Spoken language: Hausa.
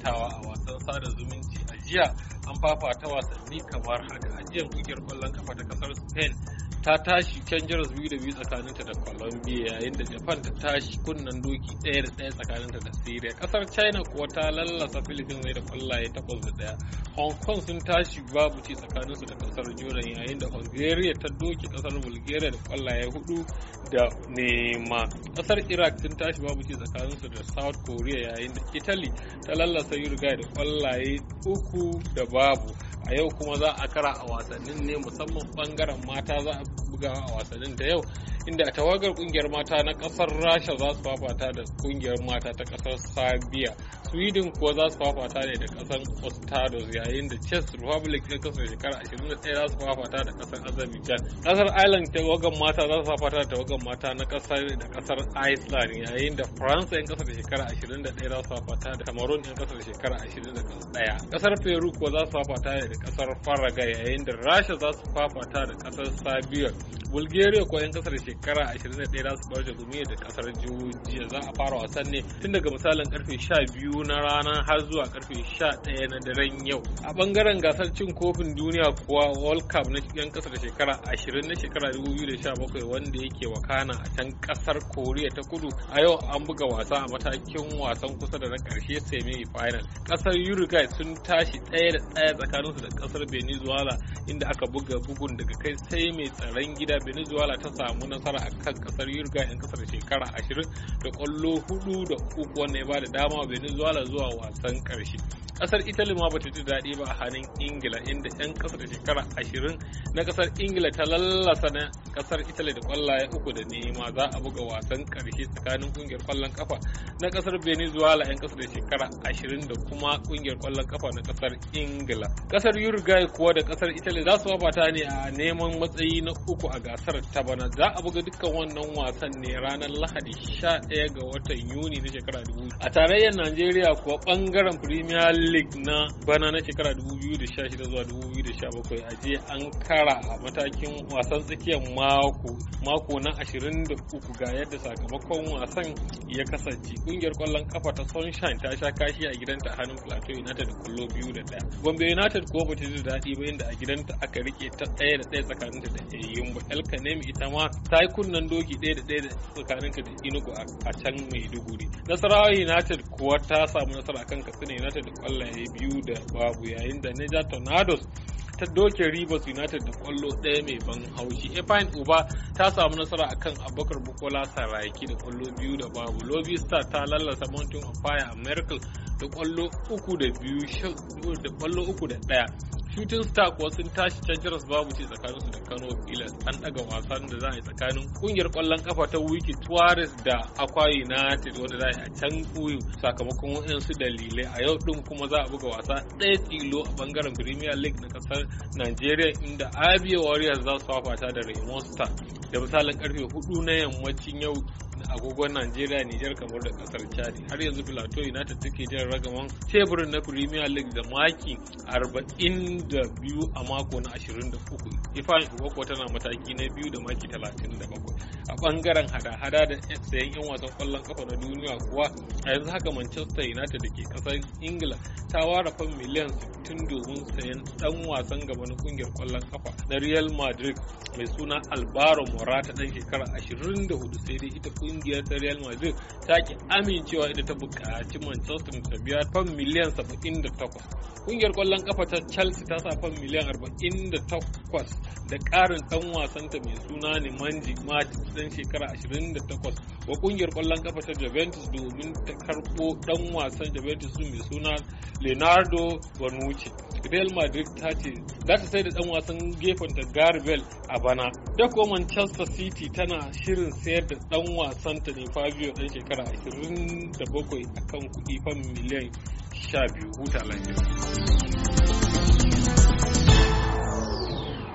fafatawa a wasan sada zumunci a jiya an fafata wasanni kamar haka a jiya kungiyar kwallon kafa ta kasar spain ta tashi can jaras biyu da biyu tsakaninta da colombia yayin da japan ta tashi kunnen doki ɗaya da ɗaya tsakaninta da syria ƙasar china kuwa ta lallasa philippines ne da kwallaye takwas da ɗaya hong kong sun tashi babu ci tsakaninsu da ƙasar jordan yayin da hungary ta doki ƙasar bulgaria da kwallaye hudu da nema ƙasar iraq sun tashi babu ci tsakaninsu da south korea yayin da italy ta lallasa uruguay da kwallaye uku da babu a yau kuma za a kara a wasannin ne musamman bangaren mata za a buga a wasannin ta yau inda a tawagar kungiyar mata na kasar rasha za su fafata da kungiyar mata ta kasar sabiya sweden kuwa za su fafata ne da kasar ostados yayin da czech republic ta kasar shekara 21 za su fafata da kasar azerbaijan kasar ireland tawagan mata za su fafata da tawagan mata na kasar da kasar iceland yayin da faransa yan kasar shekara 21 za su fafata da cameroon yan kasar shekara 21 kasar peru kuwa za su fafata da kasar faraga yayin da rasha za su fafata da kasar serbia bulgaria ko yan kasar shekara 21 za su barje gumi da kasar jiya za a fara wasan ne tun daga misalin karfe 12 na rana har zuwa karfe 11 na daren yau a bangaren gasar cin kofin duniya kuwa world cup na yan kasar shekara 20 na shekara 2017 wanda yake wakana a can kasar koriya ta kudu a yau an buga wasa a matakin wasan kusa da na karshe semi final kasar uruguay sun tashi ɗaya da ɗaya tsakaninsu da kasar venezuela inda aka buga bugun daga kai sai mai tsaron gida venezuela ta samu nasara a kan kasar yurga yan kasar shekara ashirin da kwallo hudu da uku wanda ya ba da dama venezuela zuwa wasan karshe kasar italy ma bata ji daɗi ba a hannun ingila inda 'yan kasar shekara ashirin na kasar ingila ta lallasa na kasar italy da kwallaye uku da nema za a buga wasan karshe tsakanin kungiyar kwallon kafa na kasar venezuela 'yan kasar shekara ashirin da kuma kungiyar kwallon kafa na kasar ingila kasar yurga kuwa da kasar italy za su wabata ne a neman matsayi na uku a gasar ta bana za a buga dukkan wannan wasan ne ranar lahadi 11 ga watan yuni na shekara 2000 a tarayyar najeriya kuwa bangaren premier league na bana na shekara 2016 zuwa 2017 a je an kara a matakin wasan tsakiyar mako mako na 23 ga yadda sakamakon wasan ya kasance kungiyar kwallon kafa ta sunshine ta sha kashi a gidanta hannun plateau united kullo biyu da daya gombe united kuwa ba ta ji daɗi ba inda a gidanta aka rike ta ɗaya da ɗaya tsakaninta da ta yayin nemi ita ma ta yi kunnen doki ɗaya da ɗaya tsakanin ka da inugu a can mai duguri nasarawa united kuwa ta samu nasara kan katsina united da kwallaye biyu da babu yayin da niger tornadoes ta doke Rivers United da kwallo ɗaya mai ban haushi. efain Uba ta samu nasara akan Abubakar Bukola Saraki da kwallo biyu da babu. Lobby Star ta lallasa Mountain of Fire a Miracle da kwallo uku da biyu da kwallo uku da ɗaya. shooting star kuwa sun tashi jiras babu ce tsakanin su da kano ila an daga wasan da za a yi tsakanin kungiyar kwallon kafa ta wiki tuwaris da akwai united wanda za a yi a can kuyu sakamakon waɗansu dalilai a yau din kuma za a buga wasa ɗaya tilo a bangaren premier league na ƙasar nigeria inda abia warriors za su fafata da raymond stars da misalin karfe hudu na yammacin yau na agogon Najeriya, Nijar, kamar da kasar Chadi. Har yanzu Plateau United take jan ragaman teburin na Premier League da maki 42 a mako na 23. Ifan Iwako tana mataki na biyu da maki 37. A bangaren hada-hada da sayan 'yan wasan kwallon kafa na duniya kuwa a yanzu haka Manchester United da ke kasar Ingila ta ware fan miliyan 60 domin sayan dan wasan gaba na kungiyar kwallon kafa na Real Madrid mai suna Alvaro Morata dan shekara 24 sai dai ita kungiyar ta Real Madrid ta ki amincewa ita ta buƙaci Manchester ta biya fam miliyan 78. Kungiyar kwallon kafa ta Chelsea ta sa fam miliyan 48 da ƙarin dan wasanta mai suna ne manji Matic dan shekara 28 wa kungiyar kwallon kafa ta Juventus domin ta karɓo dan wasan Juventus mai suna Leonardo Bonucci. Real Madrid ta ce za ta sai da ɗan wasan gefenta da Garibel a bana. Da kuma Manchester City tana shirin sayar da dan ta ne Fabio ɗan shekara 27 akan kuɗi fan miliyan 12 huta